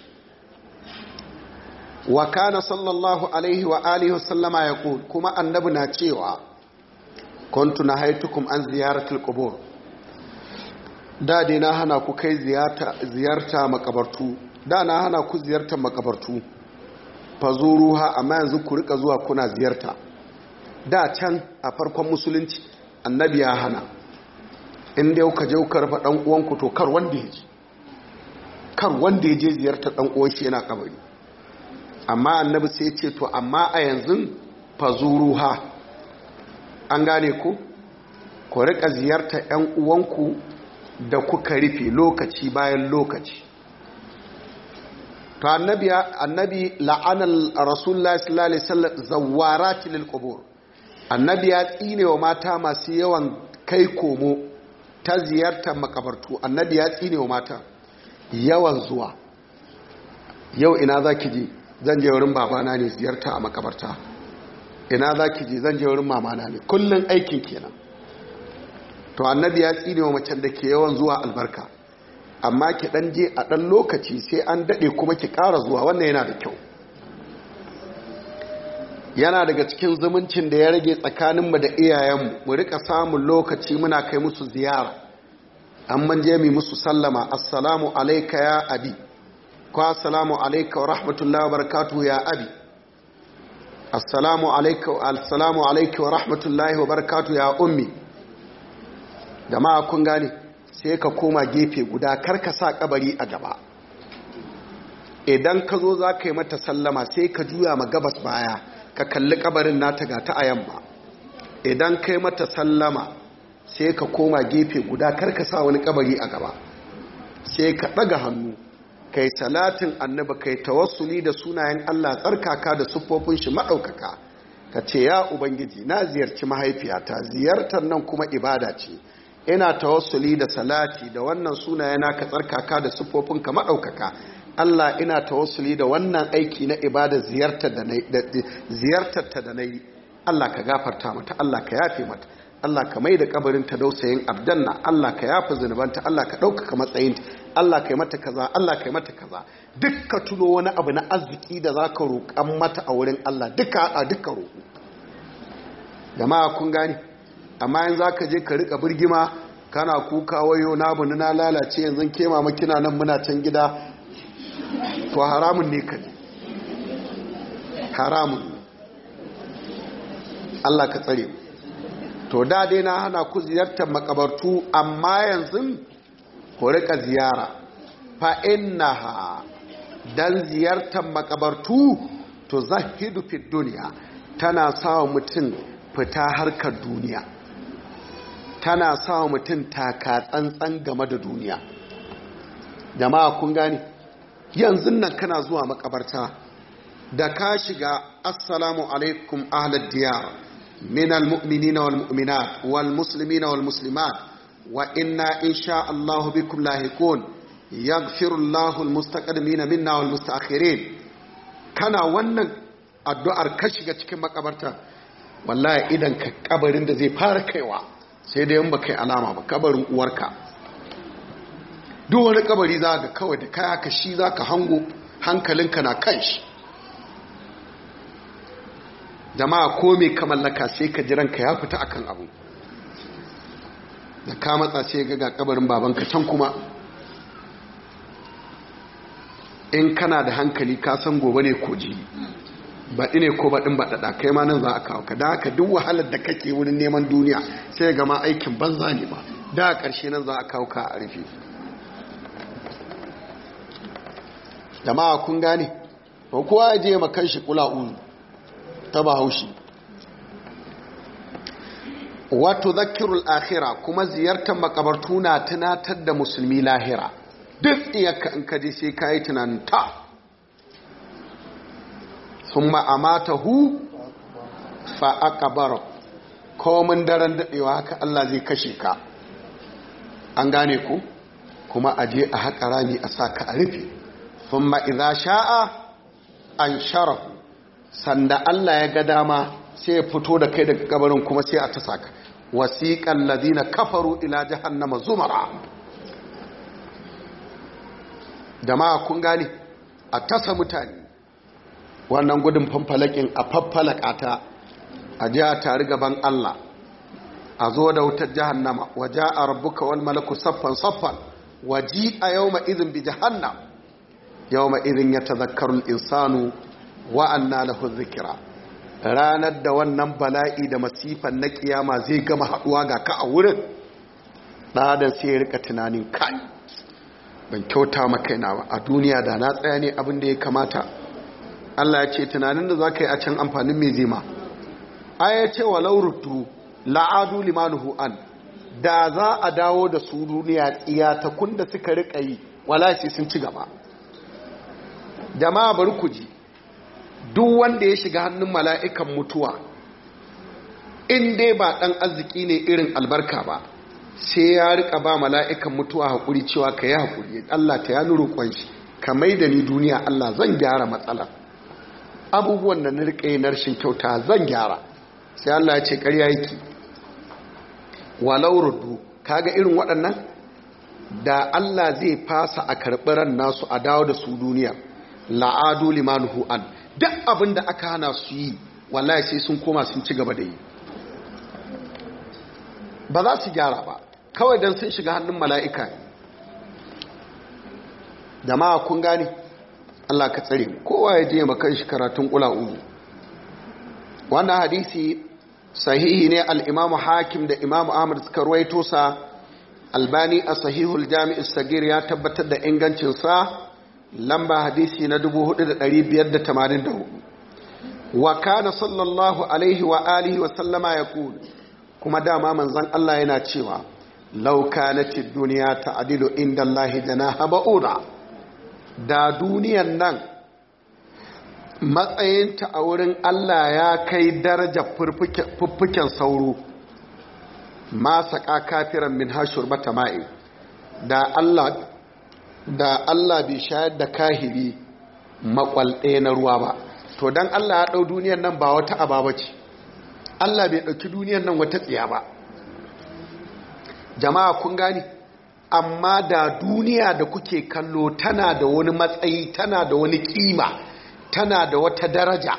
wa kana sallallahu alaihi wa alihi sallama ya kuma annabi na cewa kuntu na haitukum an ziyaratul qubur da dai na hana ku kai ziyarta makabartu da na hana ku ziyartar makabartu fazuruha amma yanzu ku rika zuwa kuna ziyarta da can a farkon musulunci annabi ya hana in yau ka je ka dan uwanku to kar wanda ya je kar wanda ya ziyartar dan uwan shi yana kabari amma annabi sai ce to amma a yanzu fazuruha an gane ku ku rika ziyartar yan uwanku da kuka rufe lokaci bayan lokaci to annabi la'anar rasulullah sallallahu alaihi wasallam zawarati qubur annabi ya tsine wa mata masu yawan kai komo ta ziyartar makabartu annabi ya tsine wa mata yawan zuwa yau ina za ki je zan je wurin babana ne ziyarta a makabarta ina za ki je zan je wurin mamana ne kullum aikin kenan to annabi ya tsine wa macen da ke yawan zuwa albarka amma ki dan je a dan lokaci sai an dade kuma ki kara zuwa wannan yana da kyau yana daga cikin zumuncin da ya rage tsakaninmu da iyayenmu mu rika samun lokaci muna kai musu ziyara an manje mu musu sallama assalamu alaika ya abi ko assalamu alaika wa rahmatullahi wa barakatuhu ya abi assalamu alaika assalamu alaika wa rahmatullahi wa barakatuhu ya ummi jama'a kun gane sai ka koma gefe guda kar ka sa kabari a gaba idan ka zo za ka yi mata sallama sai ka juya ma gabas baya ka kalli kabarin nata ga ta a yamma idan kai mata sallama sai ka koma gefe guda karka sa wani kabari a gaba sai ka ɗaga hannu kai salatin annaba kai tawassuli da sunayen Allah tsarkaka da siffofin shi maɗaukaka ka ce ya ubangiji na ziyarci mahaifiyata ziyartar nan kuma ibada ce ina tawassuli da salati da wannan sunayen naka tsarkaka da siffofin ka maɗaukaka Allah ina ta wasuli da wannan aiki na ibada ziyartar da ziyartar ta da nayi Allah ka gafarta mata Allah ka yafe mata Allah ka mai da kabarin ta dausayin abdanna Allah ka yafe zunubanta Allah ka ɗaukaka matsayinta Allah ka yi mata kaza Allah ka yi mata kaza dukka tuno wani abu na arziki da za ka roƙan mata a wurin Allah duka a duka roƙo jama'a kun gane. amma yanzu za je ka riƙa birgima kana kuka wayo na bunu na lalace yanzu kema makina nan muna can gida to haramun ne kaji haramun Allah ka tsare to da dai na hana ku ziyartar makabartu amma yanzu ku rika ziyara fa innaha dan ziyartar makabartu to zahidu fi duniya tana sawa mutum fita harkar duniya tana sawa mutum taka tsantsan game da duniya jama'a kun gane yanzu nan kana zuwa makabarta da ka shiga assalamu alaikum ahlad diyar min almu'minina wal mu'minat wal muslimina wal muslimat wa inna insha Allah bikum lahiqun yaghfiru Allahu al minna wal mustaakhirin kana wannan addu'ar ka shiga cikin makabarta wallahi idan ka kabarin da zai fara kaiwa sai dai in baka yi alama ba kabarin uwarka duk wani kabari za ga kawai da kaya ka shi za ka hango hankalinka na kan shi jama'a ko mai kamallaka sai ka jiranka ya fita akan abu da ka matsa sai ga ga kabarin babanka can kuma in kana da hankali ka san gobe ne ko jibi ba ne ko baɗin baɗaɗa kai ma nan za a kawo ka da haka duk wahalar da kake wurin neman duniya sai ga ma aikin banza ne ba da ƙarshe nan za a kawo ka a rufe jama'a kun gane ba kowa ya je makan shi kula'un ta bahaushe wato zakirul akhira kuma ziyartar makabartu na tunatar da musulmi lahira duk iyaka in kaje sai ka yi tunanta sun ma'amata hu fa'akabar komin daren daɗewa haka Allah zai kashe ka an gane ku kuma aje a haƙa rami a sa ka a rufe thumma idza sha'a anshara sanda Allah ya ga dama sai ya fito da kai daga kabarin kuma sai a tasa ka wasiqal ladina kafaru ila jahannama zumara jama'a kun gane a tasa mutane wannan gudun fanfalakin a faffalaka a ji a tari gaban Allah a zo da wutar jahannama waje a rabbuka wal malaku saffan saffan waji a yau ma izin bi jahannam yawma ya ya al-insanu wa anna lahu zikira. ranar da wannan bala'i da masifan na kiyama zai gama haɗuwa ga ka a wurin ɗadan sai ya rika tunanin kai ban kyauta makaina ba a duniya da na tsaya ne abin da ya kamata Allah ya ce tunanin da za ka yi a can amfanin mai zima a ya ce wa lauruddu la'adu limanuhu an da za a dawo da su duniya tsiya ta kunda suka rika yi wala sai sun ci gaba jama'a bari ku ji duk wanda ya shiga hannun mala'ikan mutuwa in dai ba ɗan arziki ne irin albarka ba sai ya rika ba mala'ikan mutuwa haƙuri cewa ka yi haƙuri Allah ta yanu roƙon shi ka mai da ni duniya Allah zan gyara matsala abubuwan da nirƙe na rashin kyauta zan gyara sai Allah ya ce ƙarya yake walau rudu kaga irin waɗannan da Allah zai fasa a karɓi ran nasu a dawo da su duniya la'adu limanuhu an duk abin da aka hana su yi wallahi sai sun koma sun ci gaba da yi ba za su gyara ba kawai don sun shiga hannun mala'ika da ma kun gane Allah ka tsare kowa ya je makan shi karatun ƙula'uzu wannan hadisi sahihi ne al'imamu hakim da imamu ahmad suka ruwaito sa albani a sahihul jami'in sagir ya tabbatar da ingancinsa lamba hadisi na 4584 wa kana sallallahu alaihi wa alihi wa sallama ya kulu kuma dama manzan Allah yana cewa lauka na ce duniya ta adilu inda ya da na ura da duniyan nan matsayinta a wurin Allah ya kai daraja fuffuken sauro masa kafiran min hashur ta ma'i da Allah da Allah bai shayar da kahiri makwalɗe na ruwa ba to don Allah ya ɗau duniyan nan ba wata ababa ce Allah bai ɗauki duniyan nan wata tsiya ba jama'a kun gani amma da duniya da kuke kallo tana da wani matsayi tana da wani kima tana da wata daraja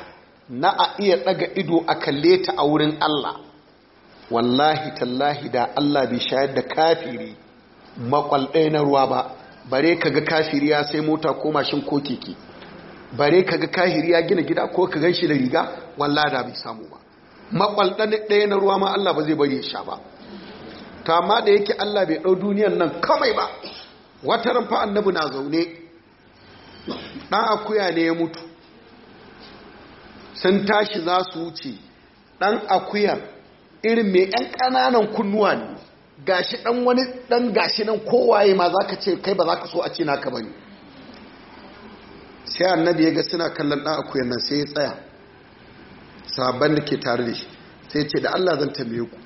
na a iya ɗaga ido a kalle ta a wurin Allah wallahi tallahi da Allah bai shayar da kafiri makwalɗe na ruwa ba bare ka ga ya sai mota ko mashin ko keke bare ka ga ya gina gida ko ka ganshi da riga wallahi da bai samu ba makwaldan ɗaya na ruwa ma Allah ba zai bari ya sha ba to amma da yake Allah bai ɗau duniyar nan kamai ba wata ran fa annabi na zaune ɗan akuya ne ya mutu sun tashi za su wuce ɗan akuya irin mai ƴan ƙananan kunnuwa ne gashi dan wani dan gashi nan kowaye ma zaka ce kai ba ka so a ce naka ne. sai annabi ya ga suna kallon dan akuyan nan sai ya tsaya sahabban da ke tare da shi sai ya ce da Allah zan tambaye ku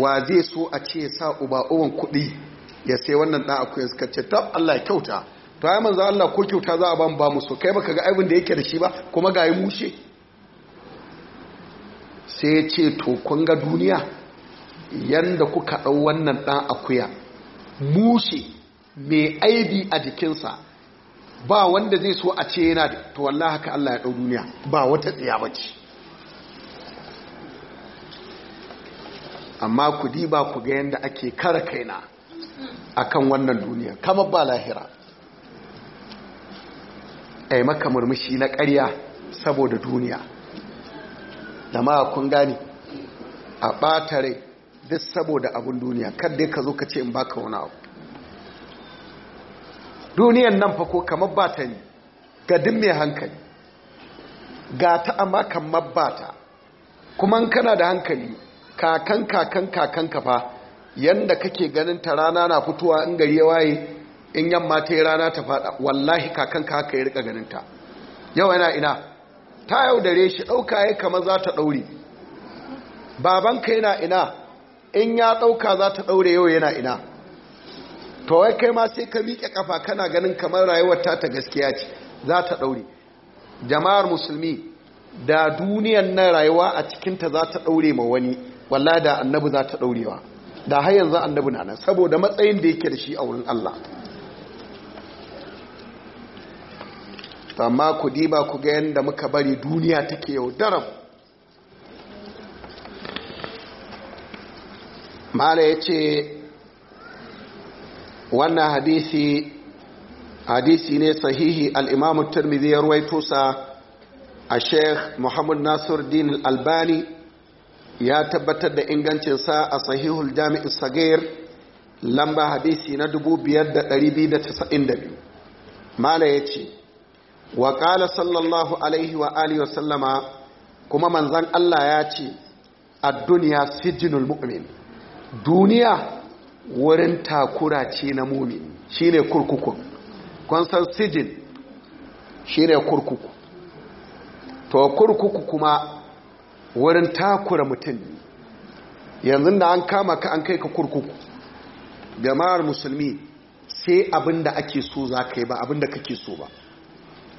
wa zai so a ce ya sa uba uban kuɗi ya sai wannan dan akuyan suka ce to Allah ya kyauta to ai manzo Allah ko kyauta za a ban ba mu so kai baka ga aibin da yake da shi ba kuma ga yi mushe sai ya ce to kun ga duniya yanda kuka ɗau wannan ɗan akuya mushe mai aibi a jikinsa ba wanda zai so a ce yana da to wallahi haka Allah ya ɗau duniya ba wata tsaya bace amma ku ba ku ga yanda ake kara kaina akan wannan duniya kama ba lahira ai maka murmushi na ƙarya saboda duniya da ma kun gani a ɓata rai duk saboda abin duniya kadai ka zo ka ce in baka wani abu duniyan nan fa ko kamar ba ta ne ga duk mai hankali ga ta amma kamar ba ta kuma kana da hankali kakan kakan kakan ka fa yanda kake ganin ta rana na fitowa in gari ya waye in yamma ta yi rana ta fada wallahi kakan ka haka ya rika ganin ta yau yana ina ta yaudare shi ɗauka ya kama za ta Baban babanka yana ina in ya ɗauka za ta ɗaure yau yana ina to wai kai ma sai ka miƙe ƙafa kana ganin kamar rayuwar ta ta gaskiya ce za ta ɗaure jama'ar musulmi da duniyan na rayuwa a cikinta za ta ɗaure ma wani walla da annabi za ta ɗaurewa da har yanzu annabi na nan saboda matsayin da yake da shi a wurin Allah amma ku diba ku ga yadda muka bari duniya take yau daram mala ya ce wannan hadisi hadisi ne sahihi al'imamu turmizi ya ruwaito a sheikh muhammad Nasiru din albani ya tabbatar da ingancinsa a sahihul jami'in sagir lamba hadisi na 5,292 mala ya ce wa ƙala sallallahu alaihi wa aliyu sallama kuma manzan allah ya ce a duniya sijinul mu'min duniya wurin takura ce na mumi shine kurkuku kwansan sijin shine kurkuku to kurkuku kuma wurin takura mutum yanzu da an kama ka an kai ka kurkuku jama'ar musulmi sai abinda da ake so za ka yi ba abin da kake so ba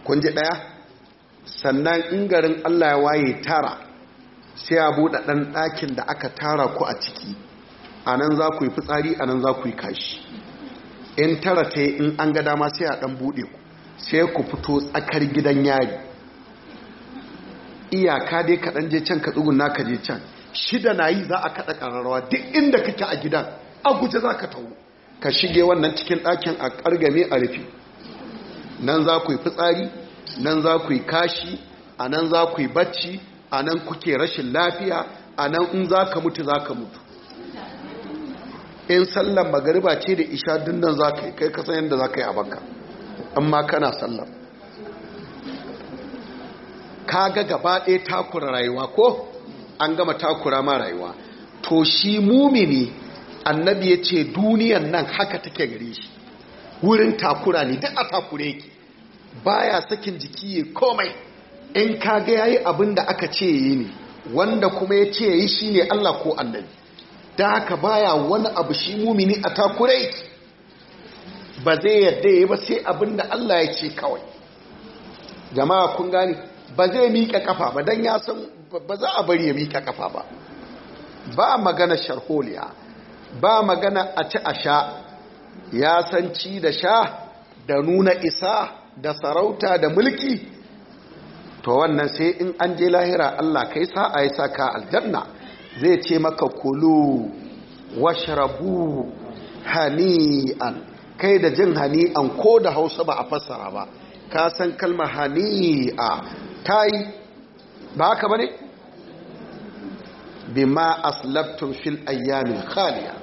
kun ji ɗaya sannan ingarin allah ya waye tara sai a buɗe ɗan ɗakin da aka tara ku a ciki a nan za ku yi fitsari a nan za ku yi kashi in tara ta yi in an ga dama sai a ɗan buɗe ku sai ku fito tsakar gidan yari iyaka dai kaɗan je can ka tsuguna ka je can shida na yi za a kaɗa ƙararrawa duk inda kake a gidan a guje za ka tawo ka shige wannan cikin ɗakin a ƙargame a rufe nan za ku yi fitsari nan za ku yi kashi a nan za ku yi bacci a nan kuke rashin lafiya a nan in za ka mutu za ka mutu in sallar magariba ce da isha dinnan za ka yi kai kasan yadda za ka yi a banka amma kana sallar ka ga gaba ɗaya takura rayuwa ko an gama takura ma rayuwa to shi mumini annabi ya ce duniyan nan haka take gare shi wurin takura ne duk a takure yake baya sakin jiki ya komai in ka ga yayi abin da aka ce yi ne wanda kuma ya ce ya yi shi ne Allah ko annabi da haka baya wani abu shi mumini a takurai ba zai yadda ya ba sai abin da Allah ya ce kawai jama'a kun gani ba zai miƙa kafa ba don ya san ba za a bari ya miƙa kafa ba ba magana sharholiya ba magana a ci a sha ya san ci da sha da nuna isa da sarauta da mulki to wannan sai in an je lahira Allah kai sa sa'a ya saka aljanna zai ce maka kulu washrabu hani'an kai da jin hani'an ko da hausa ba a fassara ba ka san kalma hani'a ta yi ba haka ba ne? bima aslabtun fil ayyamin khaliya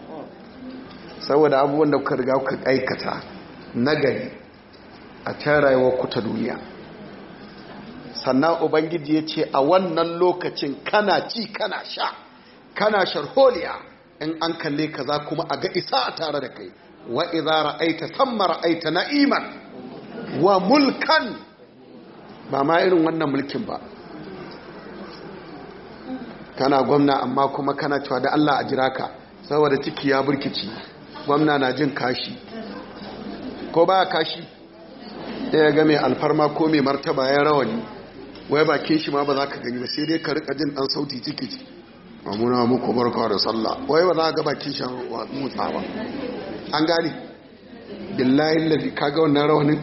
saboda abubuwan da kuka riga kuka aikata na gari a can rayuwar kuta duniya sannan ubangiji ya ce a wannan lokacin kana ci kana sha kana sharholiya in an kalle ka za kuma a ga isa a tare da kai wa iza ra'aita thamma ra'aita na'iman wa mulkan ba ma irin wannan mulkin ba kana gwamna amma kuma kana cewa da Allah a jira ka saboda ciki ya burkici gwamna na jin kashi ko ba kashi ya ga mai alfarma ko mai martaba ya rawani wai bakin shi ma ba za ka gani ba sai dai ka rika jin dan sauti ciki ciki mamuna muku barka da sallah wai ba za ga baki wa mutsa ba an gane billahi lafi kaga wannan rawanin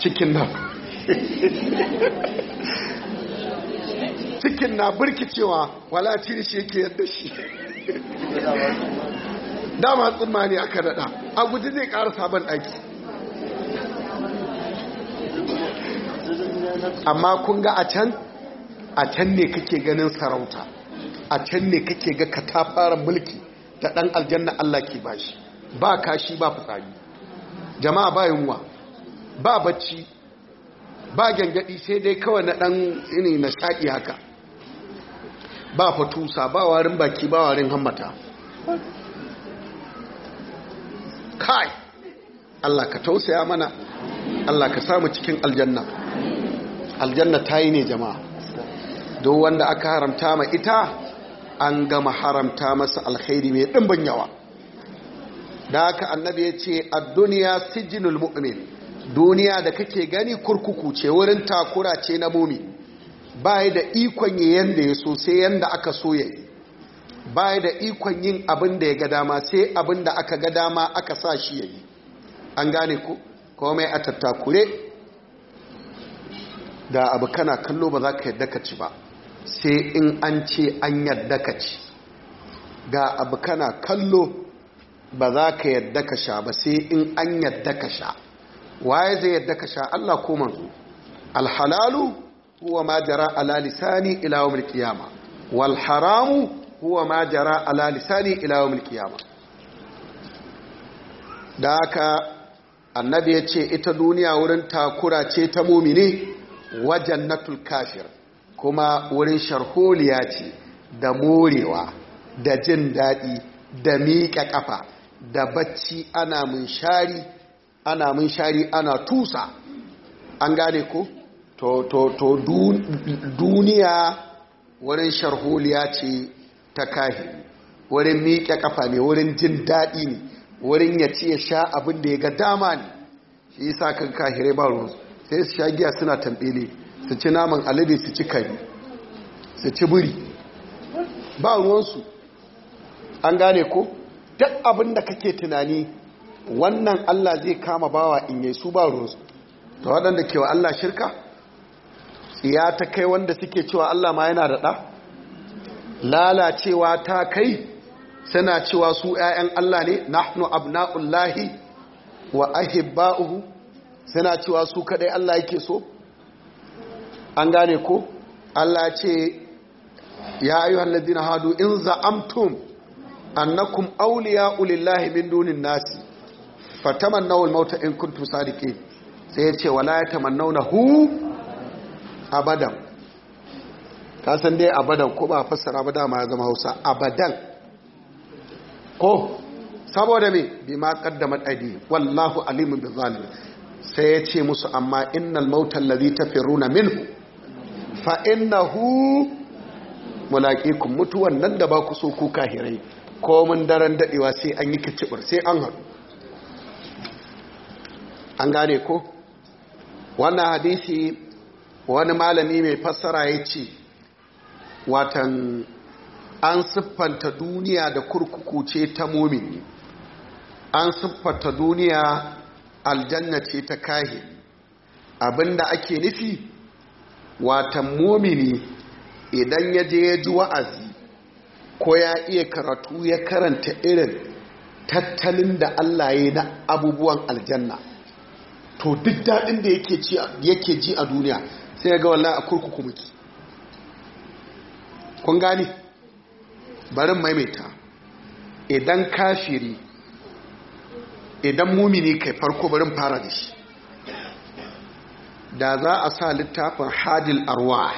cikin nan cikin na birkicewa wala cire shi yake yadda shi dama tsammani aka daɗa a guji zai ƙara sabon ɗaki amma kun ga a can a can ne kake ganin sarauta a can ne kake ga katafaren mulki da ɗan aljanna Allah ke bashi ba kashi ba fitsari jama'a ba yunwa ba bacci ba gyangyaɗi sai dai kawai na ɗan ini na shaƙi haka ba fatusa ba warin baki ba warin hammata kai Allah ka tausaya mana Allah ka samu cikin aljanna aljanna ta yi ne jama'a don wanda aka haramta ma ita an gama haramta masa alkhairi mai ɗimbin yawa da haka annabi ya ce a duniya sijinul mu'min duniya da kake gani kurkuku ce wurin takura ce na mumi yi da ikon yi yanda ya so sai yanda aka so ya yi yi da ikon yin abin da ya ga dama sai abin da aka ga dama aka sa shi ya yi an gane ku komai a tattakure da abu kana kallo ba za ka yadda ka ci ba sai in an ce an yadda ka ci ga abu kana kallo ba za ka yadda ka sha ba sai in an yadda ka sha waye zai yadda ka sha Allah ko manzo alhalalu huwa ma jara ala lisani ila yawmil qiyama wal haramu huwa ma jara ala lisani ila yawmil qiyama da haka annabi yace ita duniya wurin takura ce ta mumini wajen kafir kuma wurin sharholiya ce da morewa da jin daɗi da miƙa ƙafa da bacci ana munshari ana munshari ana tusa an gane ko to, to, to duniya wurin sharholiya ce ta kahi wurin miƙe ƙafa ne wurin jin daɗi ne wurin ya ya sha abin da ya ga dama ne shi yasa kan kahirai ba ruwa sai su sha giya suna ne. su ci naman alade su ci kari su ci buri ba ruwansu an gane ko duk abin da kake tunani wannan allah zai kama bawa in yi su ba ruwansu ta waɗanda kewa allah shirka ya ta kai wanda suke cewa allah ma yana da lalacewa ta kai suna cewa su 'ya'yan allah ne nahnu abna'ullahi wa ahibba'uhu suna cewa su kadai allah yake so an gane ko Allah ce ya ayyuhal ladina hadu in za'amtum annakum auliya ulillahi min dunin nasi fatamannaw al-mauta in kuntum sadiqin sai ya ce wala ya a abadan ka san dai abadan ko ba fassara ba dama ya zama Hausa abadan ko saboda me bima kaddama aidi wallahu alimun bizalimin sai ya ce musu amma innal mautal ladhi tafiruna minhu fa hu mulaƙikun mutuwan nan da ba ku so ku kahirai komin daren daɗewa sai an yi kicibir sai an haɗu an gane ko wannan hadisi wani malami mai fassara ya ce watan an siffanta duniya da kurkuku ce ta momini an siffanta duniya aljanna ce ta kahi abinda ake nufi watan momini idan ya je ya ji wa'azi ko ya iya karatu ya karanta irin tattalin da Allah ya na abubuwan aljanna to duk daɗin da yake ji a duniya sai ga wallah a kurkuku muke kun gani barin maimaita idan kafiri idan mumini kai farko barin fara da shi da za a sa littafin hadil arwa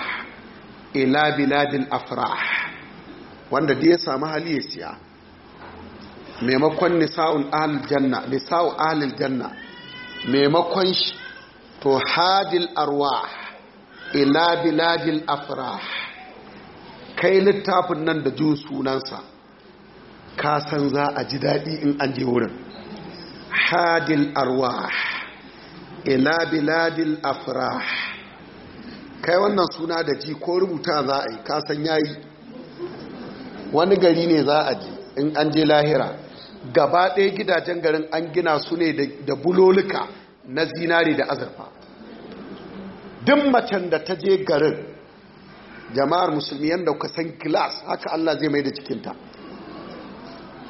ila biladin afrah wanda da ya samu hali ya siya maimakon nisa'un ahlul janna nisa'u ahlul janna maimakon shi to hadil arwa ila biladil afrah kai littafin nan da jin sunansa ka san za a ji daɗi in an je wurin hadil arwa ila biladil afrah kai wannan suna da ji ko rubuta za a yi kasan yi. wani gari ne za a ji in an je lahira gaba ɗaya gidajen garin an gina su ne da buloluka na zinari da azurfa duk macen da ta je garin jama'ar musulmi yadda ka san glass haka Allah zai mai da cikinta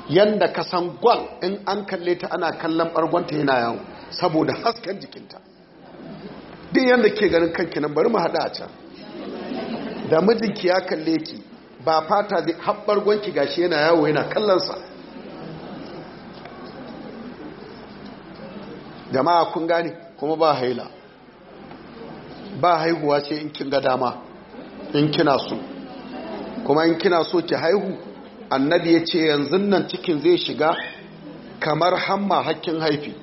yadda ka san gwal in an kalle ta ana kallon bargonta yana yawon saboda hasken jikinta din yadda ke ganin kanki nan bari mu hada a can da mijinki ya kalle ki ba fata zai haɓar gwanki gashi yana yawo yana kallonsa jama'a kun gane kuma ba haila ba haihuwa ce in kin ga dama in kina so kuma in kina so ki haihu annabi ya ce yanzu nan cikin zai shiga kamar hamma hakkin haifi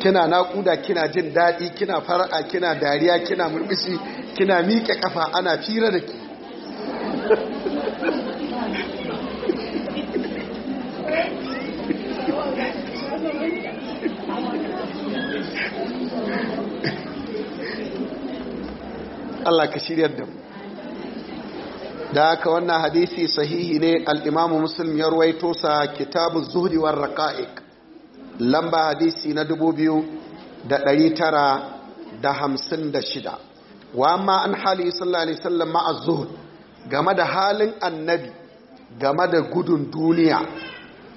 kina naƙuda kina jin daɗi kina fara'a kina dariya kina murmushi kina miƙe kafa ana fira da ke Allah ka shiryar da mu da haka wannan hadisi sahihi ne al'imamu muslim ya ruwaito sa kitabu zuhriwar rakaik lamba hadisi na 2956 wa amma an hali sallallahu alaihi wasallam ma'a zuhud game da halin annabi game da gudun duniya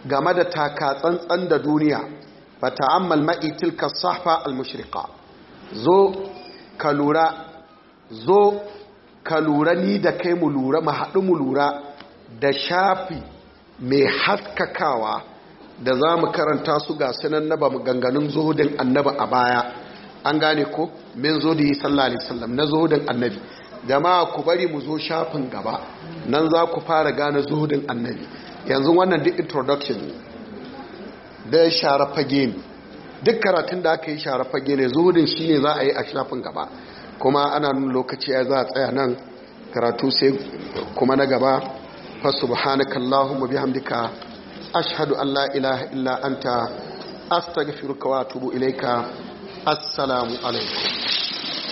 game da taka da duniya ba ta'ammal ma'i tilka safa al-mushriqa zo ka lura zo ka lura ni da kai mu lura mu haɗu mu lura da shafi mai haskakawa da za mu karanta su ga sunan mu maganganun zuhudin annaba a baya an gane ko min zuhudi sallallahu alaihi wasallam na zuhudin annabi jama'a ku bari mu zo shafin gaba nan za ku fara gane zuhudin annabi yanzu wannan duk introduction ne da share fage ne duk karatun da aka yi share fage ne zuhudin shine za a yi a shafin gaba kuma ana nuna lokaci ya za a tsaya nan karatu sai kuma na gaba fa subhanakallahumma bihamdika ashadu an la ilaha illa anta astaghfiruka wa atubu ilaika assalamu alaikum